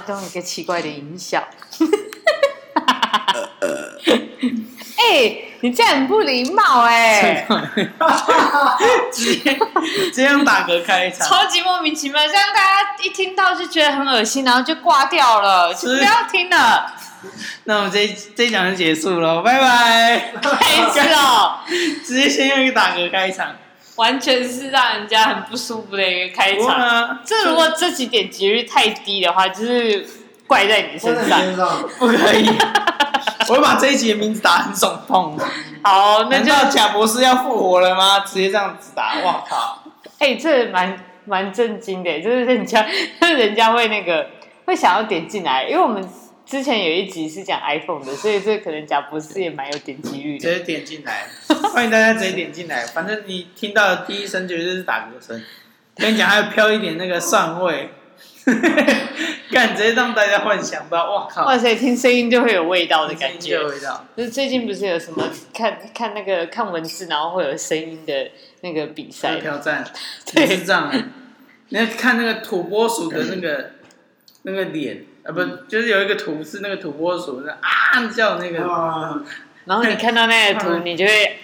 中一個奇怪的音效，哎、 欸，你這樣很不禮貌哎、欸！ 直接這樣打嗝開一場，超級莫名其妙，這樣大家一聽到就覺得很噁心，然後就掛掉了，是就不要聽了。那我們這一這一講就結束了，拜拜！沒事哦，直接先用一個打嗝開一場。完全是讓人家很不舒服的一個開場。這如果這幾點幾率太低的話，就是怪在你身上，上不可以。 我會把這一集的名字打很聳動。好、哦，那就要賈博士要復活了嗎？直接這樣子打，哇靠！哎、欸，這蠻蠻震驚的，就是人家，是人家會那個會想要點進來，因為我們。之前有一集是講 iPhone 的，所以這可能賈博士也蠻有點擊率的。直接點進來， 歡迎大家直接點進來。反正你聽到的第一聲，絕對是打嗝聲。跟你講，還有飄一點那個蒜味，感覺 讓大家幻想到哇靠！哇塞，聽聲音就會有味道的感覺。有味道。就是最近不是有什麼看、嗯、看那個看文字，然後會有聲音的那個比賽挑戰，挑戰 對。 你看那個土撥鼠的那個 那個臉。啊不，就是有一個圖是那個土撥鼠的啊叫那個，然後你看到那個圖，你就會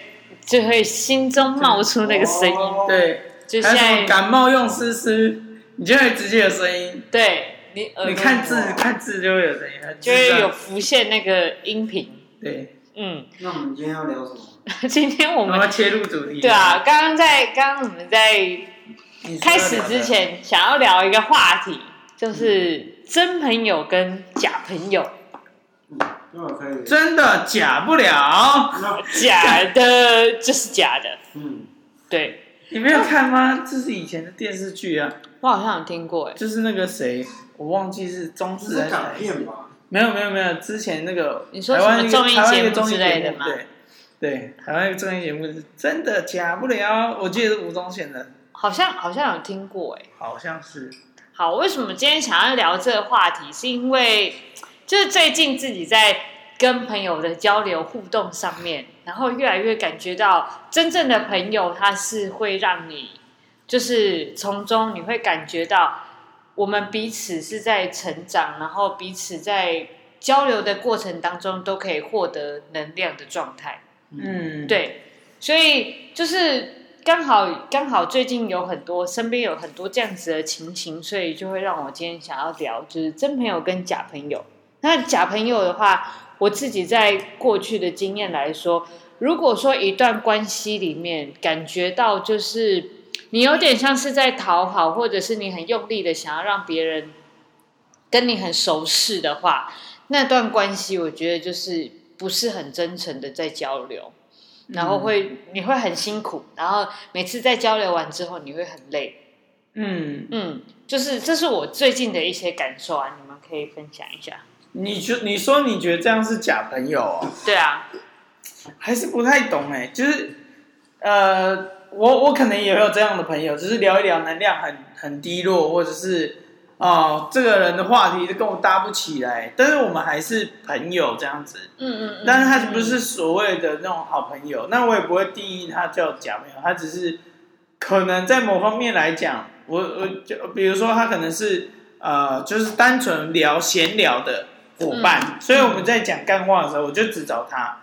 就會心中冒出那個聲音，對，就像感冒用斯斯，你就會直接有聲音，對，你你看字看字就會有聲音，就會有浮現那個音頻，對，嗯。那我們今天要聊什麼？今天我們要切入主題，對啊，剛剛在剛剛我們在開始之前想要聊一個話題，就是。真朋友跟假朋友，真的假不了， 假的這是假的。 嗯，對，你沒有看嗎？ 這是以前的電視劇啊。我好像有聽過，哎，就是那個誰，我忘記是中視還是沒有沒有沒有，之前那個，你說台灣綜藝節目之類的嗎？對對，台灣一個綜藝節目是真的假不了，我記得是吳宗憲的，好像好像有聽過，哎，好像是。好，為什麼今天想要聊這個話題？是因為就是最近自己在跟朋友的交流互動上面，然後越來越感覺到真正的朋友，他是會讓你就是從中你會感覺到我們彼此是在成長，然後彼此在交流的過程當中都可以獲得能量的狀態。嗯，對，所以就是。剛好剛好，最近有很多身邊有很多這樣子的情形，所以就會讓我今天想要聊，就是真朋友跟假朋友。那假朋友的話，我自己在過去的經驗來說，如果說一段關係裡面感覺到就是你有點像是在討好，或者是你很用力的想要讓別人跟你很熟識的話，那段關係我覺得就是不是很真誠的在交流。然後會，嗯、你會很辛苦，然後每次在交流完之後你會很累，嗯嗯，就是這是我最近的一些感受啊，你們可以分享一下。你覺你說你覺得這樣是假朋友啊？對啊，還是不太懂誒、欸、就是呃，我我可能也有這樣的朋友，只、就是聊一聊，能量很很低落，或者是。哦，這個人的話題就跟我搭不起來，但是我們還是朋友這樣子。嗯嗯。但是他不是所謂的那種好朋友，嗯、那我也不會定義他叫假朋友，他只是可能在某方面來講，我我就比如說他可能是呃，就是單純聊閒聊的夥伴，嗯、所以我們在講幹話的時候，我就只找他。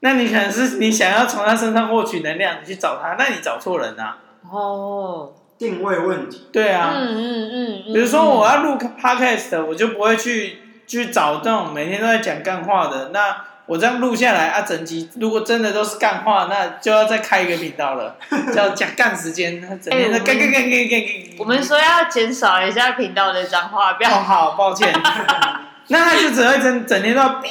那你可能是你想要從他身上獲取能量，你去找他，那你找錯人了、啊。哦。定位問題。對啊，嗯嗯嗯。嗯嗯比如說我要錄 Podcast 的，嗯、我就不會去，嗯、去找這種每天都在講乾話的。那我這樣錄下來啊，整集如果真的都是乾話，那就要再開一個頻道了，叫講乾時間，整天的乾乾乾乾乾。我們說要減少一下頻道的講話，不要好，抱歉。 那他就只會整整天都嗶，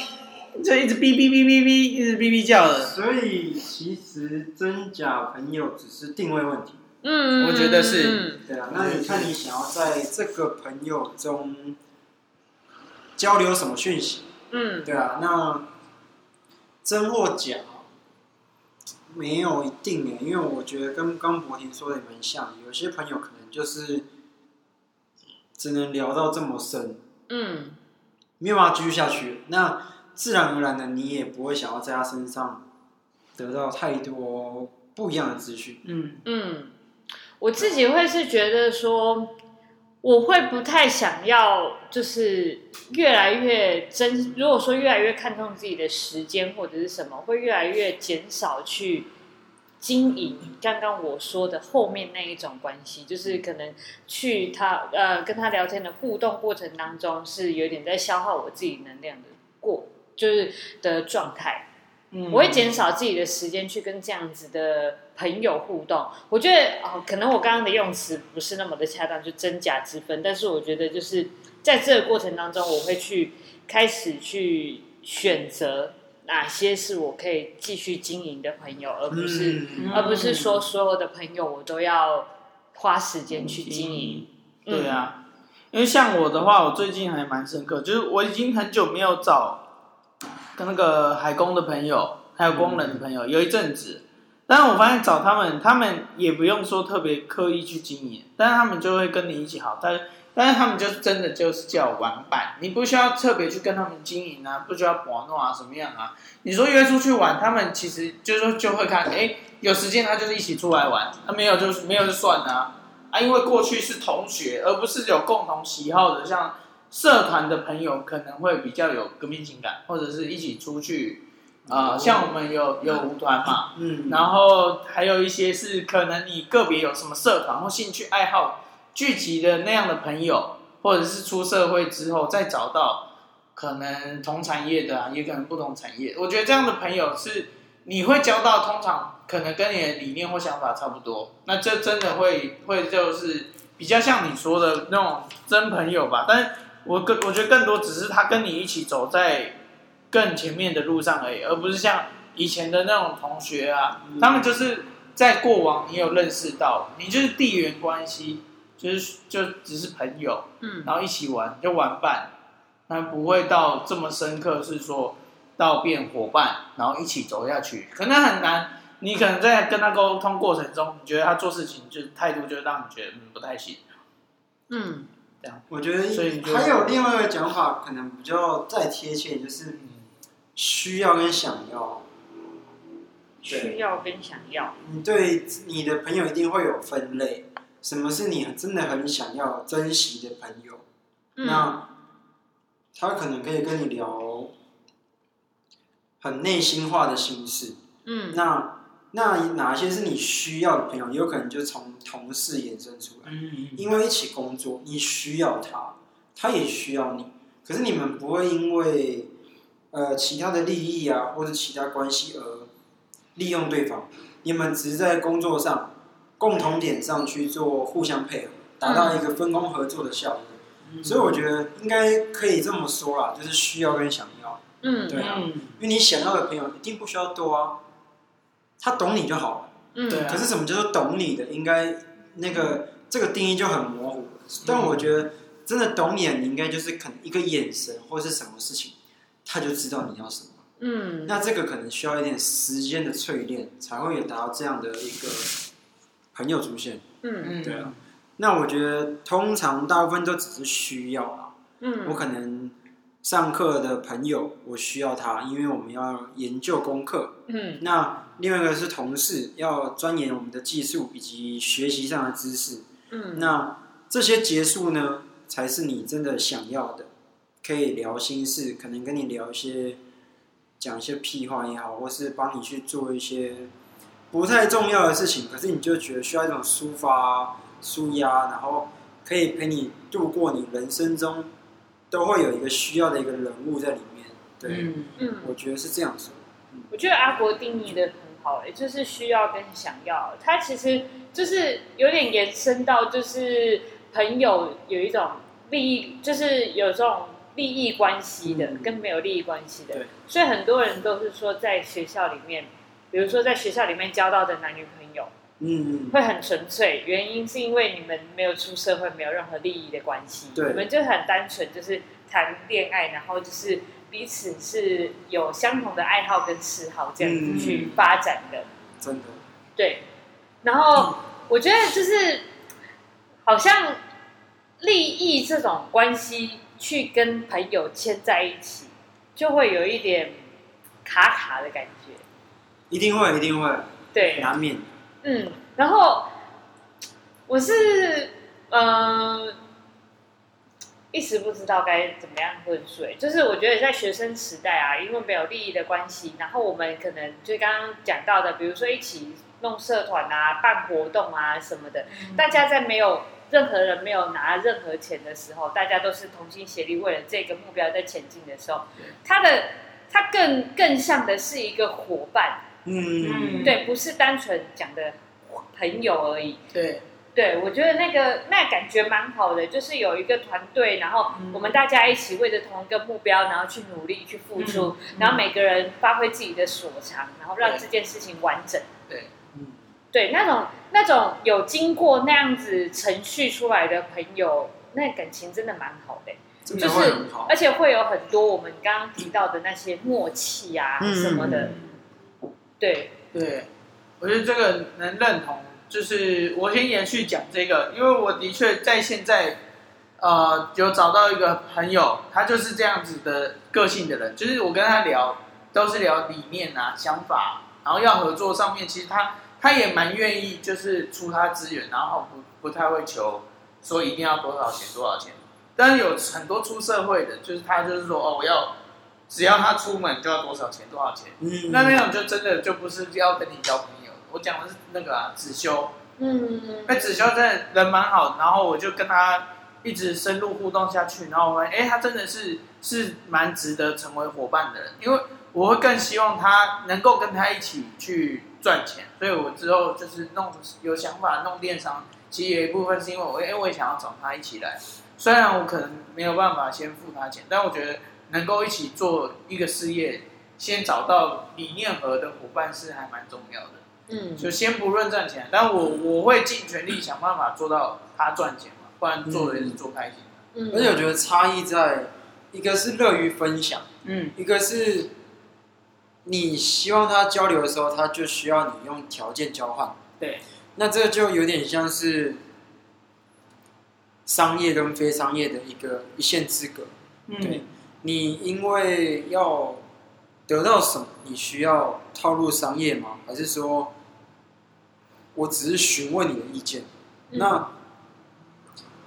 就一直嗶嗶嗶嗶嗶，一直嗶嗶叫了。所以其實真假朋友只是定位問題。嗯，我覺得是嗯嗯嗯嗯對啊。那你看，你想要在這個朋友中交流什麼訊息？嗯，嗯，對啊。那真或假沒有一定誒，因為我覺得跟剛博婷說的也蠻像，有些朋友可能就是只能聊到這麼深，嗯，嗯，沒有辦法繼續下去。那自然而然的，你也不會想要在他身上得到太多不一樣的資訊。嗯嗯。我自己會是覺得說，我會不太想要，就是越來越真。如果說越來越看重自己的時間或者是什麼，會越來越減少去經營剛剛我說的後面那一種關係，就是可能去他呃跟他聊天的互動過程當中，是有點在消耗我自己能量的過，就是的狀態。嗯，我會減少自己的時間去跟這樣子的朋友互動。我覺得哦，可能我剛剛的用詞不是那麼的恰當，就真假之分。但是我覺得，就是在這個過程當中，我會去開始去選擇哪些是我可以繼續經營的朋友，而不是，嗯嗯，而不是說所有的朋友我都要花時間去經營，嗯嗯。對啊，因為像我的話，我最近還蠻深刻，就是我已經很久沒有找。那個海工的朋友，還有工人的朋友，嗯、有一陣子，但是我發現找他們，他們也不用說特別刻意去經營，但是他們就會跟你一起好。但但是他們就真的就是叫玩伴，你不需要特別去跟他們經營啊，不需要玩弄啊什麼樣啊。你說約出去玩，他們其實就是就會看，哎，有時間他就是一起出來玩，他、啊、沒有就是沒有就算了、啊。啊，因為過去是同學，而不是有共同喜好的像。社團的朋友可能會比較有革命情感，或者是一起出去，啊，像我們有有舞團嘛，嗯，然後還有一些是可能你個別有什麼社團或興趣愛好聚集的那樣的朋友，或者是出社會之後再找到可能同產業的，啊，也可能不同產業。我覺得這樣的朋友是你會交到，通常可能跟你的理念或想法差不多，那這真的會會就是比較像你說的那種真朋友吧，但。我更我覺得更多只是他跟你一起走在更前面的路上而已，而不是像以前的那種同學啊，他們就是在過往你有認識到，你就是地緣關係，就是就只是朋友，然後一起玩就玩伴，他不會到這麼深刻，是說到變夥伴，然後一起走下去可能很難。你可能在跟他溝通過程中，你覺得他做事情就是態度，就讓你覺得不太行，嗯。我覺得，還有另外一個講法，可能比較再貼切，就是需要跟想要，需要跟想要。你對你的朋友一定會有分類，什麼是你真的很想要珍惜的朋友？那他可能可以跟你聊很內心化的心事。嗯，那。那哪些是你需要的朋友？有可能就從同事延伸出來，因為一起工作，你需要他，他也需要你。可是你們不會因為呃其他的利益啊，或者其他關係而利用對方。你們只是在工作上共同點上去做互相配合，達到一個分工合作的效果。嗯、所以我覺得應該可以這麼說啦，就是需要跟想要。對啊，嗯嗯因為你想要的朋友一定不需要多啊。他懂你就好了，嗯，可是，什麼叫做懂你的？嗯、應該那個這個定義就很模糊。嗯、但我覺得，真的懂你，應該就是可能一個眼神或是什麼事情，他就知道你要什麼。嗯。那這個可能需要一點時間的淬鍊，才會有達到這樣的一個朋友出現。嗯嗯。對啊。嗯、那我覺得，通常大部分都只是需要啊。嗯。我可能。上課的朋友，我需要他，因為我們要研究功課。嗯，那另外一個是同事，要鑽研我們的技術以及學習上的知識。嗯，那這些結束呢，才是你真的想要的，可以聊心事，可能跟你聊一些講一些屁話也好，或是幫你去做一些不太重要的事情，可是你就覺得需要一種抒發、抒壓，然後可以陪你度過你人生中，都會有一個需要的一個人物在裡面，對，嗯嗯、我覺得是這樣說。嗯、我覺得阿國定義的很好、欸，哎，就是需要跟想要，他其實就是有點延伸到就是朋友有一種利益，就是有這種利益關係的跟沒有利益關係的，嗯、對，所以很多人都是說在學校裡面，比如說在學校裡面交到的男女朋友。朋。嗯，會很純粹，原因是因為你們沒有出社會，沒有任何利益的關係，對，你們就很單純，就是談戀愛，然後就是彼此是有相同的愛好跟嗜好這樣子去發展的。嗯、真的。對，然後、嗯、我覺得就是好像利益這種關係去跟朋友牽在一起，就會有一點卡卡的感覺。一定會，一定會，對，難免。嗯，然後我是嗯、呃，一時不知道該怎麼樣混水，就是我覺得在學生時代啊，因為沒有利益的關係，然後我們可能就剛剛講到的，比如說一起弄社團啊、辦活動啊什麼的，大家在沒有任何人沒有拿任何錢的時候，大家都是同心協力為了這個目標在前進的時候，他的他更更像的是一個夥伴。嗯，嗯對，不是單純講的朋友而已。對，對我覺得那個那感覺蠻好的，就是有一個團隊，然後我們大家一起為著同一個目標，然後去努力去付出，嗯嗯、然後每個人發揮自己的所長，然後讓這件事情完整。對，嗯對，對，那種那種有經過那樣子程序出來的朋友，那個、感情真的蠻好的，就是而且會有很多我們剛剛提到的那些默契啊什麼的。嗯對對，我覺得這個能認同，就是我先延續講這個，因為我的確在現在，呃，有找到一個朋友，他就是這樣子的個性的人，就是我跟他聊，都是聊理念啊、想法，然後要合作上面，其實他他也蠻願意，就是出他資源，然後不不太會求說一定要多少錢多少錢，但是有很多出社會的，就是他就是說哦，我要。只要他出門就要多少錢？多少錢？嗯、那那種就真的就不是要跟你交朋友。我講的是那個啊，子修。嗯、那、欸、子修真的人蠻好，然後我就跟他一直深入互動下去，然後我發現，哎、欸，他真的是是蠻值得成為夥伴的人，因為我會更希望他能夠跟他一起去賺錢，所以我之後就是弄有想法弄電商，其實有一部分是因為我哎、欸，我也想要找他一起來，雖然我可能沒有辦法先付他錢，但我覺得。能夠一起做一個事業，先找到理念合的夥伴是還蠻重要的。嗯，就先不論賺錢，但我我會盡全力想辦法做到他賺錢嘛，不然做的也做開心嘛。嗯，而且我覺得差異在，一個是樂於分享，嗯，一個是你希望他交流的時候，他就需要你用條件交換。對，那這就有點像是商業跟非商業的一個一線之隔。嗯，對。你因為要得到什麼？你需要套路商業嗎？還是說我只是詢問你的意見？嗯，那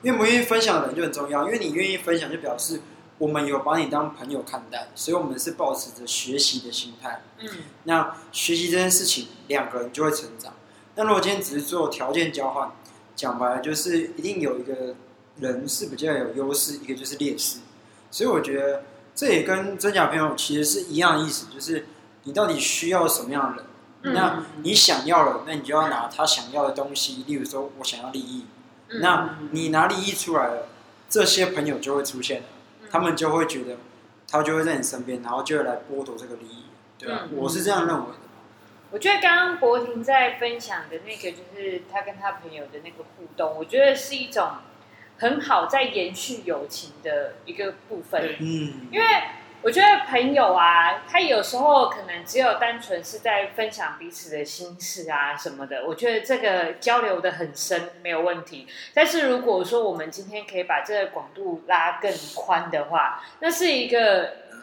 願不願意分享的人就很重要，因為你願意分享，就表示我們有把你當朋友看待，所以我們是保持着學習的心態。嗯，那學習這件事情，兩個人就會成長。那如果今天只是做條件交換，講白了就是一定有一個人是比較有優勢，一個就是劣勢。所以我覺得，這也跟真假朋友其實是一樣的意思，就是你到底需要什麼樣的人？嗯、那你想要了，那你就要拿他想要的東西。例如說，我想要利益，嗯、那你拿利益出來了，這些朋友就會出現了，嗯、他們就會覺得，他就會在你身邊，然後就會來剝奪這個利益，對啊，嗯、我是這樣認為的。我覺得剛剛博婷在分享的那個，就是他跟他朋友的那個互動，我覺得是一種。很好，在延續友情的一個部分。嗯，因為我覺得朋友啊，他有時候可能只有單純是在分享彼此的心事啊什麼的。我覺得這個交流得很深，沒有問題。但是如果說我們今天可以把這個廣度拉更寬的話，那是一個，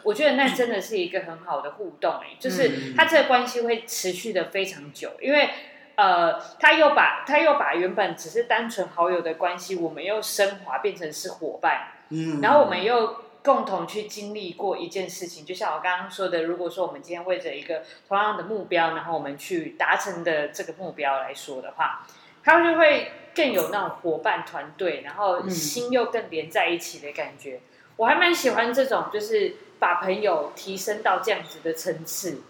我覺得那真的是一個很好的互動。哎，就是他這個關係會持續得非常久，因為。呃，他又把他又把原本只是單純好友的關係，我們又升華變成是夥伴，嗯，然後我們又共同去經歷過一件事情，就像我剛剛說的，如果說我們今天為着一個同樣的目標，然後我們去達成的這個目標來說的話，他就會更有那種夥伴團隊，然後心又更連在一起的感覺。嗯，我還蠻喜歡這種，就是把朋友提升到這樣子的層次，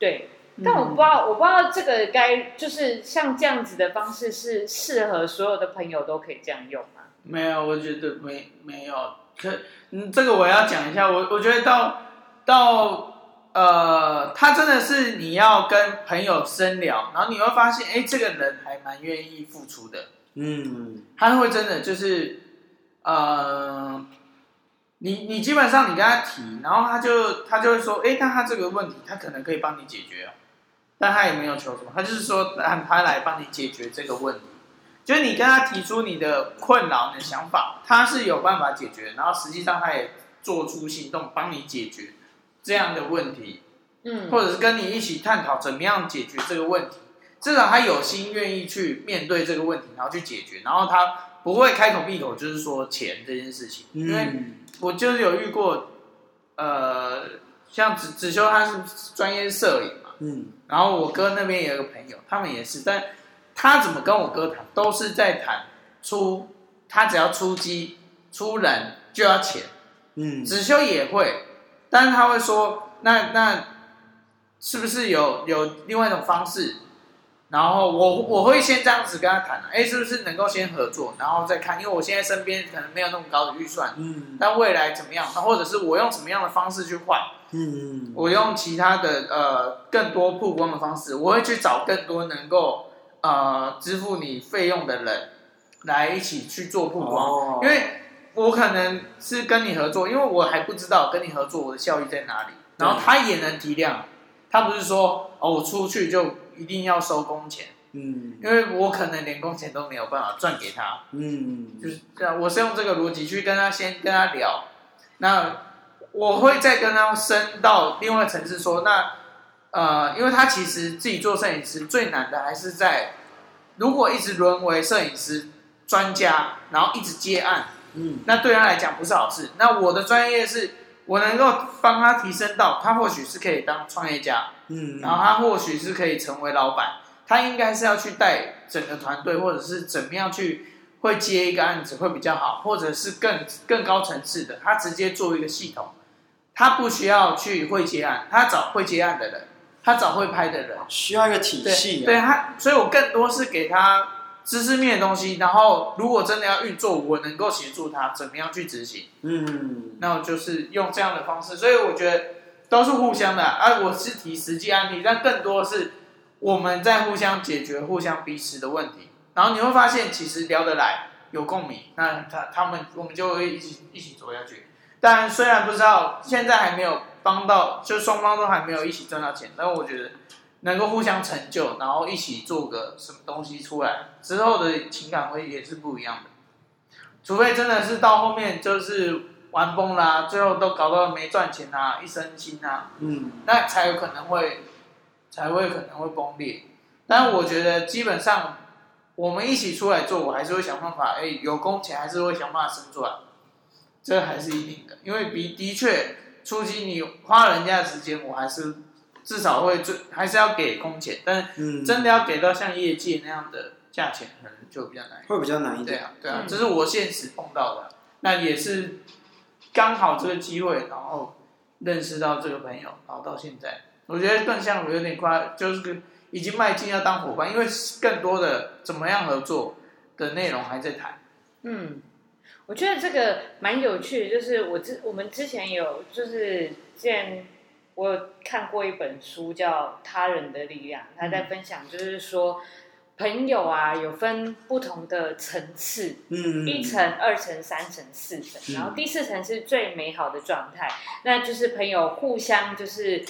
對。但我不知道，我不知道這個該就是像這樣子的方式是適合所有的朋友都可以這樣用嗎？沒有、嗯，我覺得沒沒有可，嗯，這個我要講一下，我我覺得到到呃，他真的是你要跟朋友深聊，然後你會發現，哎、欸，這個人還蠻願意付出的，嗯，他會真的就是呃，你你基本上你跟他提，然後他就他就會說，哎、欸，那他這個問題他可能可以幫你解決、啊。哦。但他也沒有求什麼，他就是說讓他來幫你解決這個問題，就是你跟他提出你的困擾、你的想法，他是有辦法解決，然後實際上他也做出行動幫你解決這樣的問題，嗯，或者是跟你一起探討怎麼樣解決這個問題。至少他有心願意去面對這個問題，然後去解決，然後他不會開口閉口就是說錢這件事情，嗯，因為我就是有遇過，呃，像子子修他是專業社理。嗯，然後我哥那邊也有一個朋友，他們也是，但他怎麼跟我哥談，都是在談出，他只要出擊、出人就要錢。嗯，子修也會，但是他會說，那那是不是有有另外一種方式？然後我我會先這樣子跟他談啊，哎，是不是能夠先合作，然後再看，因為我現在身邊可能沒有那麼高的預算，嗯，但未來怎麼樣，或者是我用什麼樣的方式去換，嗯，我用其他的呃更多曝光的方式，我會去找更多能夠呃支付你費用的人來一起去做曝光，哦哦哦哦哦因為我可能是跟你合作，因為我還不知道跟你合作我的效益在哪裡，然後他也能體諒，他不是說哦我出去就。一定要收工錢，嗯，因為我可能連工錢都沒有辦法賺給他，嗯，就是這樣，我是用這個邏輯去跟他先跟他聊。那我會再跟他升到另外層次說，那呃，因為他其實自己做攝影師最難的還是在，如果一直淪為攝影師專家，然後一直接案，嗯，那對他來講不是好事，那我的專業是。我能夠幫他提升到，他或許是可以當創業家，嗯，然後他或許是可以成為老闆，他應該是要去帶整個團隊，或者是怎麼樣去會接一個案子會比較好，或者是更更高層次的，他直接做一個系統，他不需要去會接案，他找會接案的人，他找會拍的人，需要一個體系，啊對，對他，所以我更多是給他，知識面的東西，然後如果真的要運作，我能夠協助他怎麼樣去執行，嗯，那我就是用這樣的方式，所以我覺得都是互相的。哎、啊，我是提實際案例，但更多的是我們在互相解決、互相彼此的問題。然後你會發現，其實聊得來、有共鳴，那他他們我們就會一起一起走下去。但雖然不知道現在還沒有幫到，就雙方都還沒有一起賺到錢，但我覺得。能夠互相成就，然後一起做個什麼東西出來之後的情感會也是不一樣的，除非真的是到後面就是玩崩啦啊，最後都搞到沒賺錢啊，一身輕啊，嗯，那才有可能會才會可能會崩裂。但我覺得基本上我們一起出來做，我還是會想辦法，哎，有工錢還是會想辦法生出來，這還是一定的，因為比的確初期你花人家的時間，我還是。至少會就還是要給工錢，但真的要給到像業界那樣的價錢，可能就比較難一，會比較難一點。啊，對啊，嗯、這是我現實碰到的。那也是剛好這個機會，然後認識到這個朋友，然後到現在，我覺得段相如有點快，就是跟已經邁進要當夥伴，因為更多的怎麼樣合作的內容還在談。是嗯，我覺得這個蠻有趣，就是我之我們之前有就是見。我有看過一本書叫《他人的力量》，他在分享，就是說、嗯、朋友啊，有分不同的層次，嗯，嗯，一層、二層、三層、四層，然後第四層是最美好的狀態，嗯、那就是朋友互相就是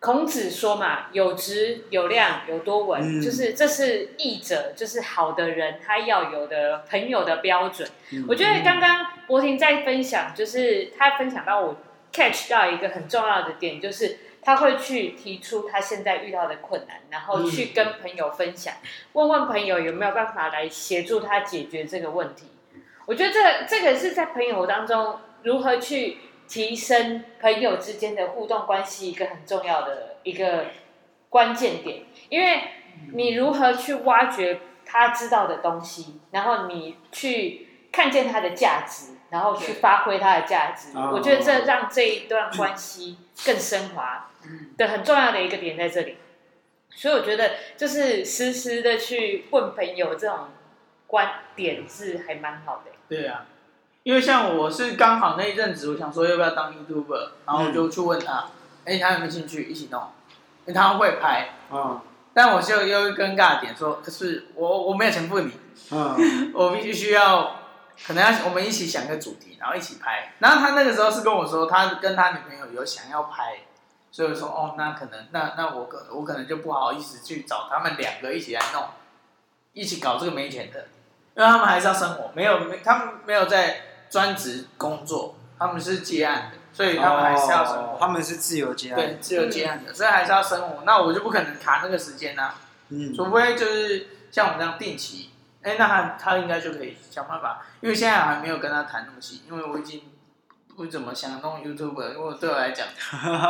孔子說嘛，有直有諒、有多聞，嗯嗯就是，這是益者，就是好的人他要有的朋友的標準。嗯嗯，我覺得剛剛柏婷在分享，就是他分享到我，catch 到一個很重要的點，就是他會去提出他現在遇到的困難，然後去跟朋友分享，問問朋友有沒有辦法來協助他解決這個問題。我覺得這這個是在朋友當中如何去提升朋友之間的互動關係一個很重要的一個關鍵點，因為你如何去挖掘他知道的東西，然後你去看見他的價值。然後去發揮它的價值，我覺得這讓這一段關係更升華，的很重要的一個點在這裡。所以我覺得，就是實時的去問朋友這種觀點是還蠻好的、欸。對啊，因為像我是剛好那一陣子，我想說要不要當 YouTuber，然後我就去問他，哎、嗯，他有沒有興趣一起弄？他會拍，嗯，但我就又跟尷尬點說，可是我我沒有錢付你，嗯，我必須需要。可能要我們一起想個主題，然後一起拍。然後他那個時候是跟我說，他跟他女朋友有想要拍，所以我說哦，那可能那那我可我可能就不好意思去找他們兩個一起來弄，一起搞這個沒錢的，因為他們還是要生活，沒有沒他們沒有在專職工作，他們是接案的，所以他們還是要生活。哦、他們是自由接案，對自由接案的，嗯、所以還是要生活。那我就不可能卡那個時間啊，嗯，除非就是像我們這樣定期。哎、欸，那他他應該就可以想辦法，因為現在還沒有跟他談東西，因為我已經不怎麼想弄 YouTube 了，因為對我來講，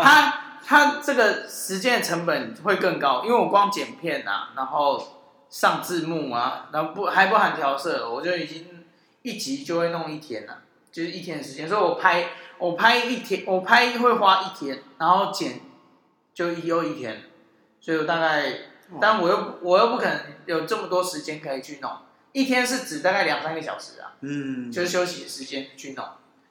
他他這個時間的成本會更高，因為我光剪片吶、啊，然後上字幕啊，然後不還不含調色，我就已經一集就會弄一天了、啊，就是一天的時間，所以我拍我拍一天，我拍會花一天，然後剪就又一天，所以我大概。但我又我又不可能有這麼多時間可以去弄，一天是指大概兩三個小時啊，嗯，就是休息時間去弄，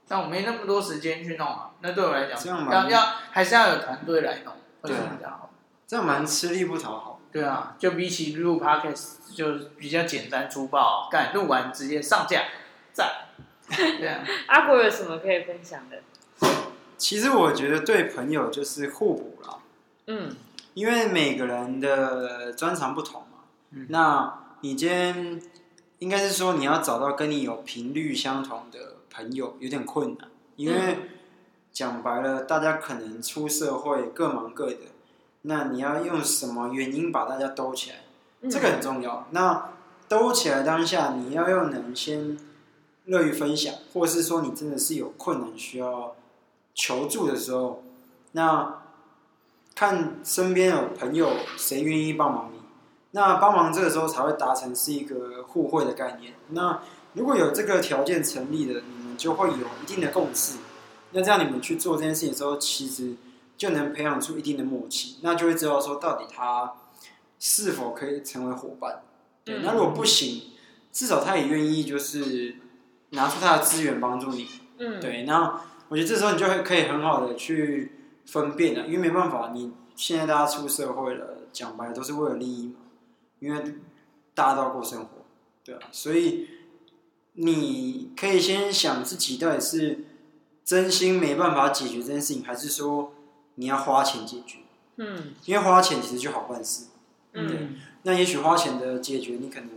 但我沒那麼多時間去弄啊，那對我來講這樣要要還是要有團隊來弄會比較好，啊、這樣這樣蠻吃力不討好、哦。對啊，就比起錄 Podcast 就比較簡單粗暴、啊，幹錄完直接上架，贊。對啊 樣。阿國有什麼可以分享的？其實我覺得對朋友就是互補了。嗯。因為每個人的專長不同嘛，嗯、那你今天應該是說你要找到跟你有頻率相同的朋友有點困難，因為講白了，大家可能出社會各忙各的，那你要用什麼原因把大家兜起來？這個很重要。嗯、那兜起來當下，你要用能先樂於分享，或是說你真的是有困難需要求助的時候，那。看身邊有朋友誰願意幫忙你，那幫忙這個時候才會達成是一個互惠的概念。那如果有這個條件成立的，你們就會有一定的共識。那這樣你們去做這件事情的時候，其實就能培養出一定的默契。那就會知道說到底他是否可以成為夥伴。對，那如果不行，至少他也願意就是拿出他的資源幫助你。嗯。對，那我覺得這時候你就會可以很好的去。分辨了，因為沒辦法，你現在大家出社會了，講白了都是為了利益嘛。因為大家都要過生活，對啊，所以你可以先想自己到底是真心沒辦法解決這件事情，還是說你要花錢解決？嗯，因為花錢其實就好辦事。對，嗯，那也許花錢的解決，你可能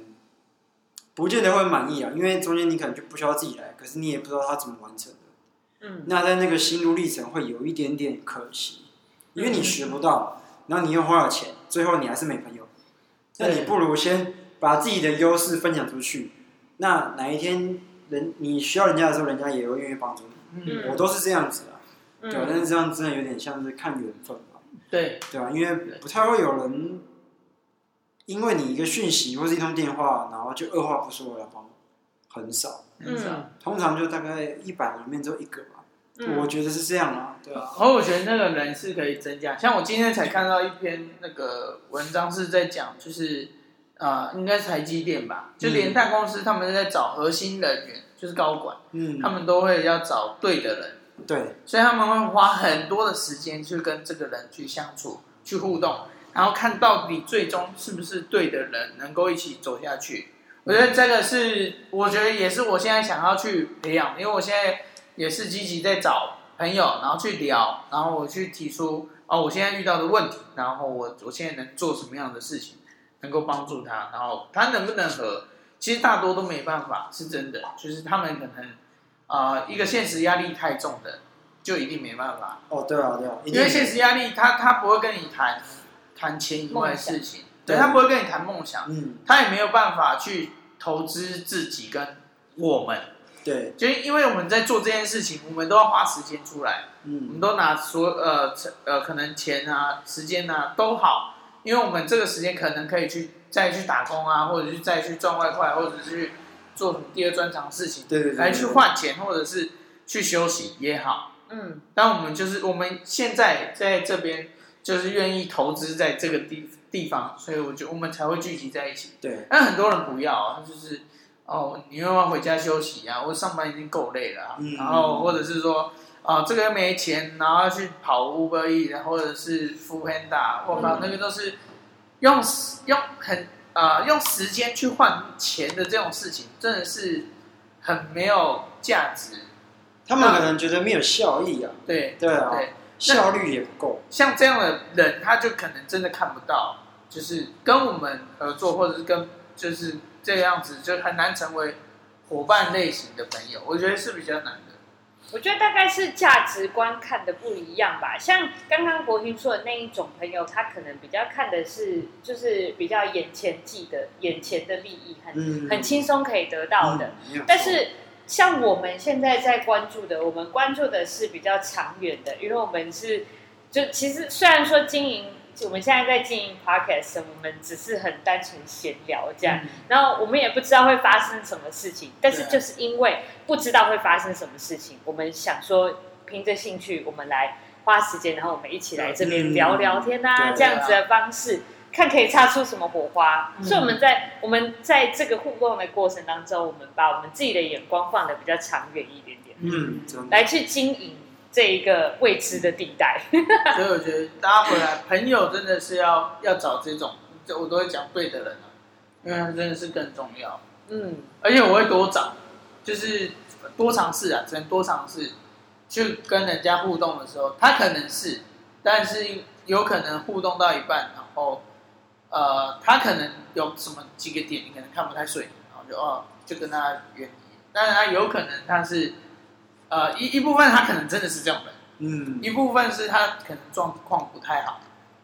不見得會滿意啊，因為中間你可能就不需要自己來，可是你也不知道他怎麼完成。嗯，那在那個心路歷程會有一點點可惜，因為你學不到，然後你又花了錢，最後你還是沒朋友。那、嗯、你不如先把自己的優勢分享出去，那哪一天人你需要人家的時候，人家也會願意幫助你。嗯，我都是這樣子的，對，但是這樣真的有點像是看緣分，對，對吧、啊？因為不太會有人因為你一個訊息或是一通電話，然後就二話不說來幫忙。很少，很少，嗯、通常就大概一百裡面只有一個吧。嗯、我覺得是這樣啊，對啊。而我覺得那個人是可以增加，像我今天才看到一篇那個文章是在講，就是啊、呃，應該是台積電吧，就連大公司，他們在找核心人員，嗯、就是高管，嗯，他們都會要找對的人，對，所以他們會花很多的時間去跟這個人去相處、去互動，然後看到底最終是不是對的人能夠一起走下去。我覺得這個是，我覺得也是我現在想要去培養，因為我現在也是積極在找朋友，然後去聊，然後我去提出，哦，我現在遇到的問題，然後我我現在能做什麼樣的事情能夠幫助他，然後他能不能和，其實大多都沒辦法，是真的，就是他們可能啊、呃，一個現實壓力太重的，就一定沒辦法。哦，對啊，對啊，因為現實壓力，他他不會跟你談談錢以外的事情。對，他不會跟你談夢想，嗯，他也沒有辦法去投資自己跟我們，對，就是因為我們在做這件事情，我們都要花時間出來，嗯，我們都拿所呃呃可能錢啊、時間啊都好，因為我們這個時間可能可以去再去打工啊，或者是再去賺外快，或者是做什麼第二專長的事情，對對，對對對，來去換錢，或者是去休息也好，嗯，但我們就是我們現在在這邊就是願意投資在這個地方。地方，所以我就我們才會聚集在一起。對，那很多人不要、哦，他就是哦，你又要,要回家休息啊，我上班已經夠累了、啊嗯、然後或者是說啊、哦，這個又沒錢，然後要去跑 Uber Eats, 然後或者是 Foodpanda，我靠，那個都是用、嗯、用很啊、呃、用時間去換錢的這種事情，真的是很沒有價值。他們可能覺得沒有效益啊。那對對啊、哦，對效率也不夠。像這樣的人，他就可能真的看不到。就是跟我們合作，或者是跟就是這樣子，就很難成為夥伴類型的朋友，我覺得是比較難的。我覺得大概是價值觀看的不一樣吧。像剛剛國軍說的那一種朋友，他可能比較看的是，嗯、就是比較眼前記的、眼前的利益很，嗯、很很輕鬆可以得到的。嗯、的但是像我們現在在關注的，我們關注的是比較長遠的，因為我們是就其實雖然說經營。我們現在在經營 podcast，我們只是很單純閒聊這樣，然後我們也不知道會發生什麼事情，但是就是因為不知道會發生什麼事情，我們想說憑着興趣，我們來花時間，然後我們一起來這邊聊聊天啊，這樣子的方式，看可以擦出什麼火花。所以我們在我們在這個互動的過程當中，我們把我們自己的眼光放的比較長遠一點點，嗯，來去經營。這一個未知的地帶， 所以我覺得大家回來，朋友真的是要要找這種，我都會講對的人，因為他真的是更重要，嗯，而且我會多找，就是多嘗試啊，只能多嘗試，去跟人家互動的時候，他可能是，但是有可能互動到一半，然後呃，他可能有什麼幾個點你可能看不太順，然後就哦，就跟他遠離，當然他有可能他是。呃，一一部分他可能真的是這樣的，嗯，一部分是他可能狀況不太好，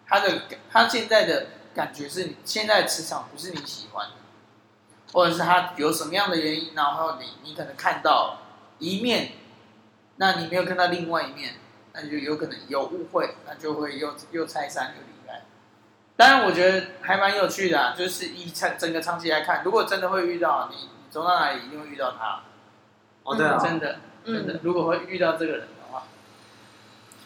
他的他現在的感覺是你現在的磁場不是你喜歡的，或者是他有什麼樣的原因，然後你你可能看到一面，那你沒有看到另外一面，那就有可能有誤會，那就會又又拆散又離開。當然，我覺得還蠻有趣的啊，就是以整個長期來看，如果真的會遇到你，你走到哪裡一定會遇到他。哦，對啊，嗯，真的。嗯，如果會遇到這個人的話，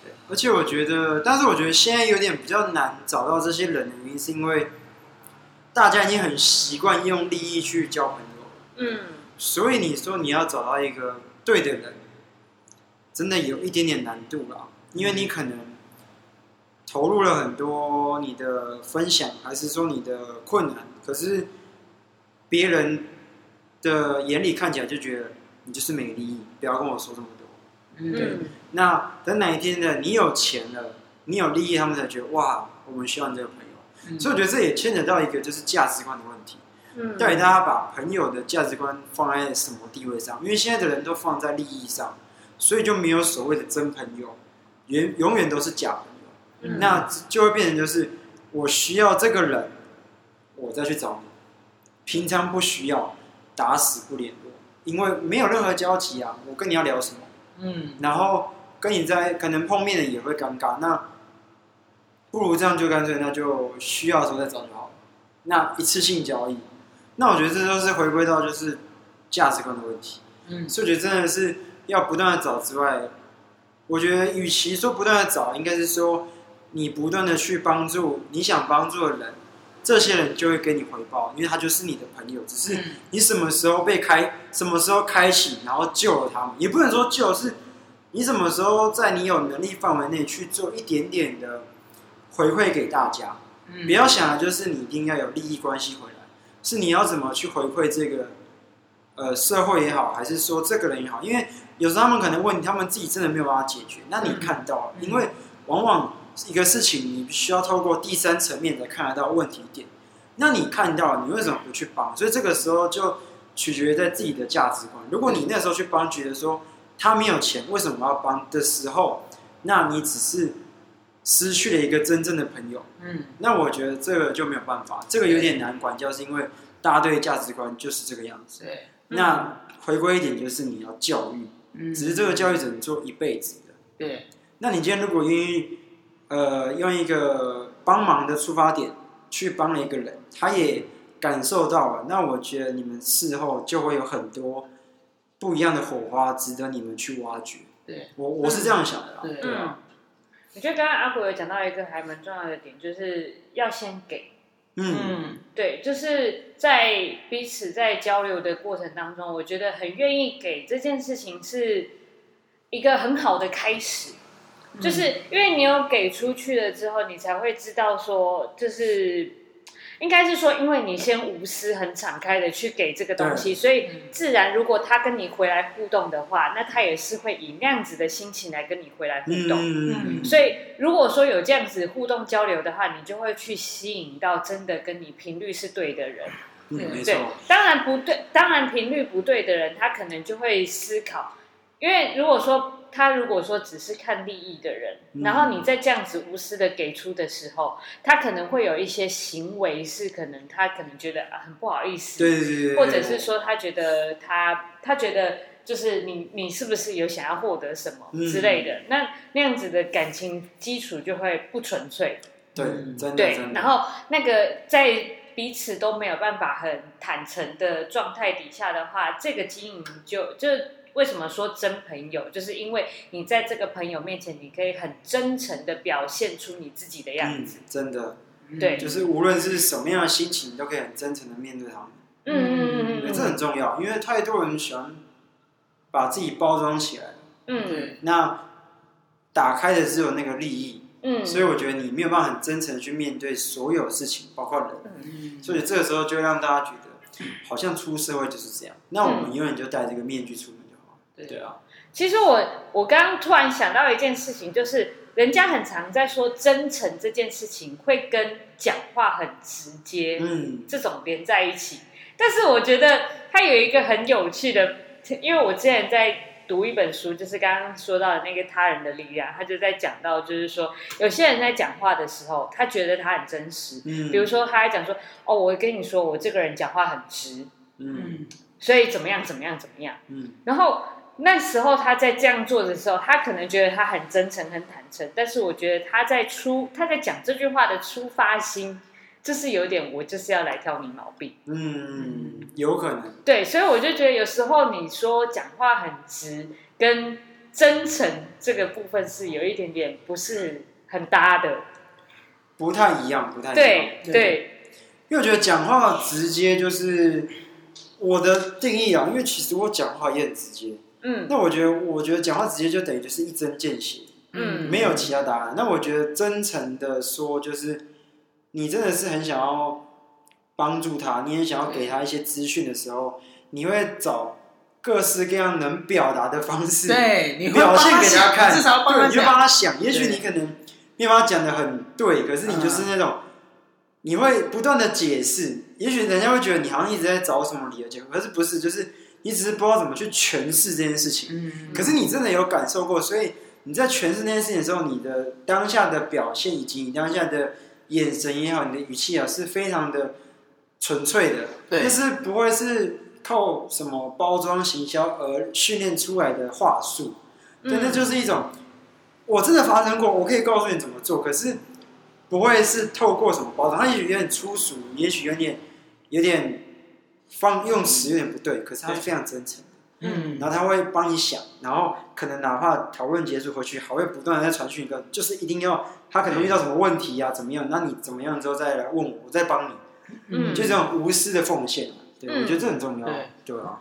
對，而且我覺得，但是我覺得現在有點比較難找到這些人的原因，是因為大家已經很習慣用利益去交朋友，嗯，所以你說你要找到一個對的人，真的有一點點難度啦，因為你可能投入了很多你的分享，還是說你的困難，可是別人的眼裡看起來就覺得。你就是沒利益，不要跟我說這麼多。嗯，那等哪一天呢？你有錢了，你有利益，他們才覺得哇，我們需要你這個朋友。嗯，所以我覺得這也牽扯到一個就是價值觀的問題。嗯，到底大家把朋友的價值觀放在什麼地位上？因為現在的人都放在利益上，所以就沒有所謂的真朋友，永永遠都是假朋友。嗯，那就會變成就是我需要這個人，我再去找你。平常不需要，打死不聯。因為沒有任何交集啊，我跟你要聊什麼？嗯，然後跟你在可能碰面也會尷尬，那不如這樣就乾脆，那就需要的時候再找就好。那一次性交易，那我覺得這都是回歸到就是價值觀的問題。嗯，所以我覺得真的是要不斷的找之外，我覺得與其說不斷的找，應該是說你不斷的去幫助你想幫助的人。這些人就會給你回報，因為他就是你的朋友。只是你什麼時候被開，什麼時候開啟，然後救了他們，也不能說救，是，你什麼時候在你有能力範圍內去做一點點的回饋給大家。不要想的就是你一定要有利益關係回來，是你要怎麼去回饋這個，呃，社會也好，還是說這個人也好。因為有時候他們可能問你，他們自己真的沒有辦法解決。那你看到，因為往往。一個事情，你需要透過第三層面才看得到問題點。那你看到你為什麼不去幫？所以這個時候就取決於在自己的價值觀。如果你那時候去幫，覺得說他沒有錢，為什麼要幫的時候，那你只是失去了一個真正的朋友。嗯，那我覺得這個就沒有辦法，這個有點難管教，就是因為大家對價值觀就是這個樣子。對，那回歸一點就是你要教育。嗯，只是這個教育只能做一輩子的。對，那你今天如果因為呃，用一個幫忙的出發點去幫了一個人，他也感受到了。那我覺得你們事後就會有很多不一樣的火花，值得你們去挖掘。對，我你我是這樣想的啦。對啊。我覺得剛剛阿國有講到一個還蠻重要的點，就是要先給。嗯，嗯。對，就是在彼此在交流的過程當中，我覺得很願意給這件事情是一個很好的開始。就是因為你有給出去了之後，你才會知道說，就是應該是說，因為你先無私、很敞開的去給這個東西，所以自然如果他跟你回來互動的話，那他也是會以那樣子的心情來跟你回來互動。嗯。所以如果說有這樣子互動交流的話，你就會去吸引到真的跟你頻率是對的人。嗯嗯。沒錯。對，當然不對，當然頻率不對的人，他可能就會思考，因為如果說。他如果說只是看利益的人，然後你在這樣子無私的給出的時候，嗯、他可能會有一些行為是可能他可能覺得、啊、很不好意思，對對對，或者是說他覺得他我他覺得就是你你是不是有想要獲得什麼之類的，嗯、那那樣子的感情基礎就會不純粹，對對，然後那個在彼此都沒有辦法很坦誠的狀態底下的話，這個經營就就。就為什麼說真朋友？就是因為你在這個朋友面前，你可以很真誠的表現出你自己的樣子，嗯。真的，對，就是無論是什麼樣的心情，你都可以很真誠的面對他們。嗯嗯嗯，這很重要，嗯、因為太多人喜歡把自己包裝起來。嗯，嗯，那打開的只有那個利益。嗯，所以我覺得你沒有辦法很真誠的去面對所有事情，包括人。嗯，所以這個時候就會讓大家覺得，好像出社會就是這樣。那我們永遠就戴這個面具出。對啊，其實我我剛剛突然想到一件事情，就是人家很常在說真誠這件事情會跟講話很直接，嗯，這種連在一起。但是我覺得他有一個很有趣的，因為我之前在讀一本書，就是剛剛說到的那個他人的力量，他就在講到，就是說有些人在講話的時候，他覺得他很真實，嗯，比如說他還講說，哦，我跟你說，我這個人講話很直，嗯，所以怎麼樣怎麼樣怎麼樣，嗯，然後。那時候他在這樣做的時候，他可能覺得他很真誠、很坦誠，但是我覺得他在出他在講這句話的出發心，就是有點我就是要來挑你毛病。嗯，有可能。對，所以我就覺得有時候你說講話很直，跟真誠這個部分是有一點點不是很搭的，不太一樣，不太一樣。對對，對對，對因為我覺得講話直接就是我的定義啊，因為其實我講話也很直接。嗯，那我覺得，我覺得講話直接就等於就是一針見血，嗯，沒有其他答案。那、嗯、我覺得，真誠的說，就是你真的是很想要幫助他，你也想要給他一些資訊的時候，對你會找各式各樣能表達的方式表現，對，你會給他看。至少幫人，你去幫他想。也許你可能，你把他講的很對，對，可是你就是那種，嗯、你會不斷的解釋。也許人家會覺得你好像一直在找什麼理由講，可是不是，就是。你只是不知道怎麼去詮釋這件事情，可是你真的有感受過，所以你在詮釋那件事情的時候，你的當下的表現以及你當下的眼神也好，你的語氣啊，是非常的純粹的，但是不會是靠什麼包裝行銷而訓練出來的話術，對，那就是一種我真的發生過，我可以告訴你怎麼做，可是不會是透過什麼包裝，他也許有點粗俗，也許有點有點。方用詞有點不對，可是他是非常真誠的，嗯，然後他會幫你想，然後可能哪怕討論結束回去，還會不斷的在傳訊一個，就是一定要他可能遇到什麼問題呀、啊，怎麼樣？那你怎麼樣之後再來問我，我再幫你，嗯，就這種無私的奉獻，對、嗯、我覺得這很重要，對，對啊。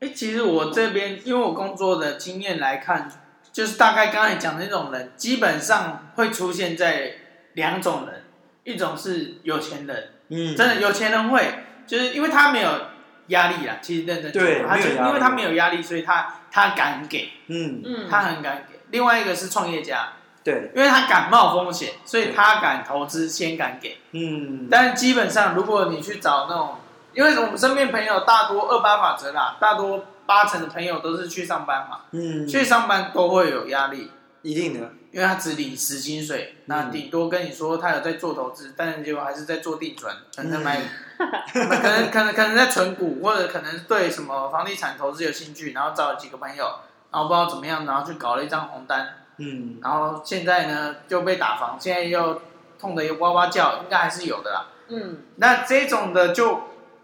哎、欸，其實我這邊因為我工作的經驗來看，就是大概剛才講的那種人，基本上會出現在兩種人，一種是有錢人，嗯，真的有錢人會。就是因為他沒有壓力啦，其實認真做，對他因為他沒有壓力，所以他他敢給，嗯，他很敢給。另外一個是創業家，對，因為他敢冒風險，所以他敢投資，先敢給，嗯對。但基本上，如果你去找那種，嗯、因為我們身邊朋友大多二八法則啦、啊，大多八成的朋友都是去上班嘛，嗯，去上班都會有壓力，一定的。嗯因為他只領死薪水，嗯，那頂多跟你說他有在做投資，但結果還是在做定存，可能在買，可能可能可能在存股，或者可能對什麼房地產投資有興趣，然後找了幾個朋友，然後不知道怎麼樣，然後去搞了一張紅單，嗯，然後現在呢就被打房，現在又痛得又哇哇叫，應該還是有的啦，嗯，那這種的就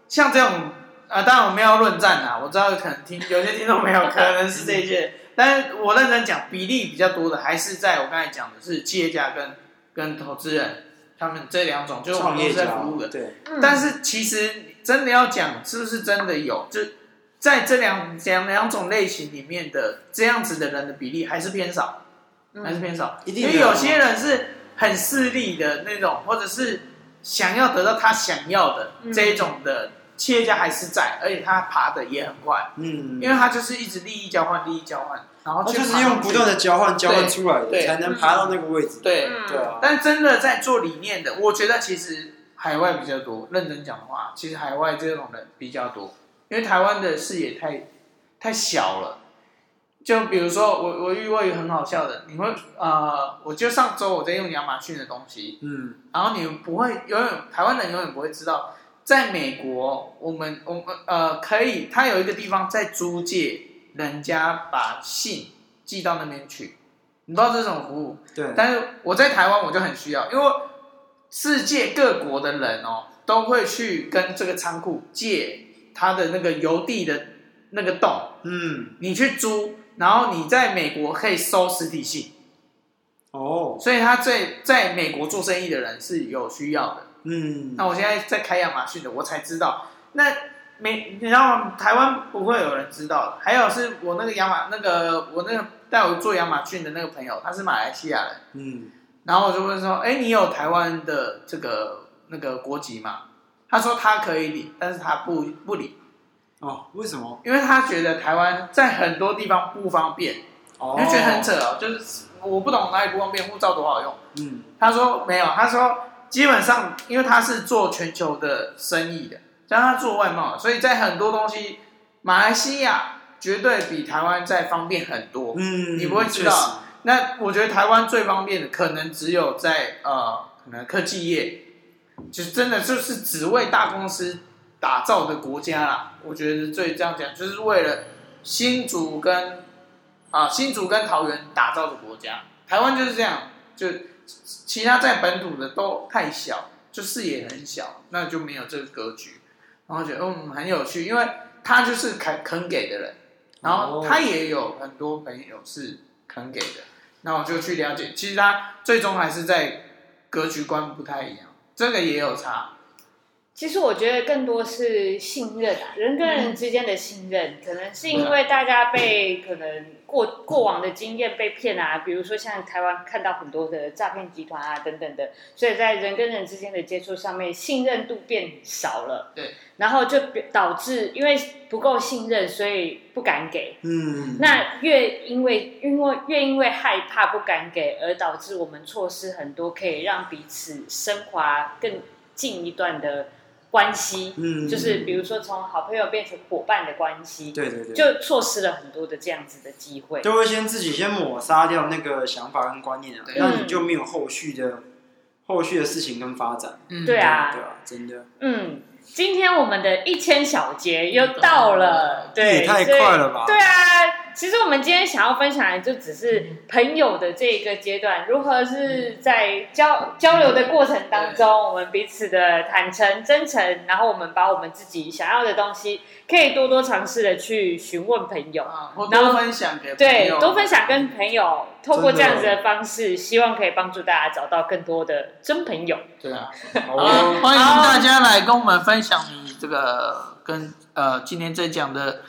像這種啊，當然我們要論戰啦，我知道可能聽有些聽眾沒有，可能 是這一件。 但我認真講，比例比較多的還是在我剛才講的，是企業家跟跟投資人，他們這兩種就是我們是在服務的。對，但是其實真的要講，是不是真的有？就在這兩兩兩種類型裡面的這樣子的人的比例還是偏少，嗯、還是偏少。所以有些人是很勢利的那種，嗯、或者是想要得到他想要的這一種的。嗯企業家還是在，而且他爬的也很快。嗯，因為他就是一直利益交換，利益交換，然後就是用不斷的交換交換出來的，對對才能爬到那個位置。嗯、對對、啊、但真的在做理念的，我覺得其實海外比較多。嗯、認真講話，其實海外這種人比較多，因為台灣的視野太太小了。就比如說我，我我遇過一個很好笑的，你們啊、呃，我就上周我在用亞馬遜的東西，嗯，然後你們不會永遠台灣人永遠不會知道。在美國我，我們我們呃可以，他有一個地方在租借，人家把信寄到那邊去，你知道這種服務？對。但是我在台灣我就很需要，因為世界各國的人哦都會去跟這個倉庫借他的那個郵遞的那個洞，嗯，你去租，然後你在美國可以收實體信，哦，所以他在在美國做生意的人是有需要的。嗯，那我現在在開亞馬遜的，我才知道。那沒，你知道嗎？台灣不會有人知道的。還有是我那個亞馬那個我那個帶我做亞馬遜的那個朋友，他是馬來西亞人。嗯，然後我就問說：“哎、欸，你有台灣的這個那個國籍嗎？”他說：“他可以領，但是他不不領。”哦，為什麼？因為他覺得台灣在很多地方不方便。哦，我覺得很扯哦，就是我不懂哪裡不方便，護照多好用。嗯，他說沒有，他說。基本上，因為他是做全球的生意的，讓他做外貿，所以在很多東西，馬來西亞絕對比台灣再方便很多。嗯，你不會知道。就是、那我覺得台灣最方便的，可能只有在呃，可能科技業，就真的就是只為大公司打造的國家啦。我覺得最這樣講，就是為了新竹跟啊、呃、新竹跟桃園打造的國家，台灣就是這樣就。其他在本土的都太小，就視野很小，那就沒有這個格局。然後覺得嗯，很有趣，因為他就是肯肯給的人，然後他也有很多朋友是肯給的。哦、那我就去了解，其實他最終還是在格局觀不太一樣，這個也有差。其實我覺得更多是信任啊，人跟人之間的信任，可能是因為大家被可能過過往的經驗被騙啊，比如說像台灣看到很多的詐騙集團啊等等的，所以在人跟人之間的接觸上面，信任度變少了。對，然後就導致因為不夠信任，所以不敢給。嗯，那越因為因為越因為害怕不敢給，而導致我們錯失很多可以讓彼此升華更近一段的。關係，嗯，就是比如說從好朋友變成夥伴的關係，對對對，就錯失了很多的這樣子的機會，都會先自己先抹殺掉那個想法跟觀念啊，嗯，那你就沒有後續的後續的事情跟發展啊，嗯，對啊，對啊，真的，嗯，今天我們的一千小節又到了，對，欸，太快了吧，對，對啊。其實我們今天想要分享的，就只是朋友的這一個階段，如何是在交、嗯、交流的過程當中，對我們彼此的坦誠、真誠，然後我們把我們自己想要的東西，可以多多嘗試的去詢問朋友，啊、嗯，多,多然後分享給朋友，對，多分享跟朋友，透過這樣子的方式，的希望可以幫助大家找到更多的真朋友。對啊，好， 好歡迎大家來跟我們分享這個。跟呃，今天在講的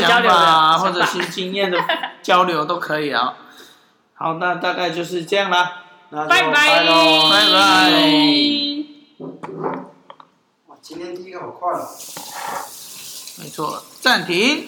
想法啊，或者是經驗的交流都可以啊、哦。 好，那大概就是這樣啦。拜拜，拜拜，拜拜。哇，今天第一個好快了、哦。沒錯，暫停。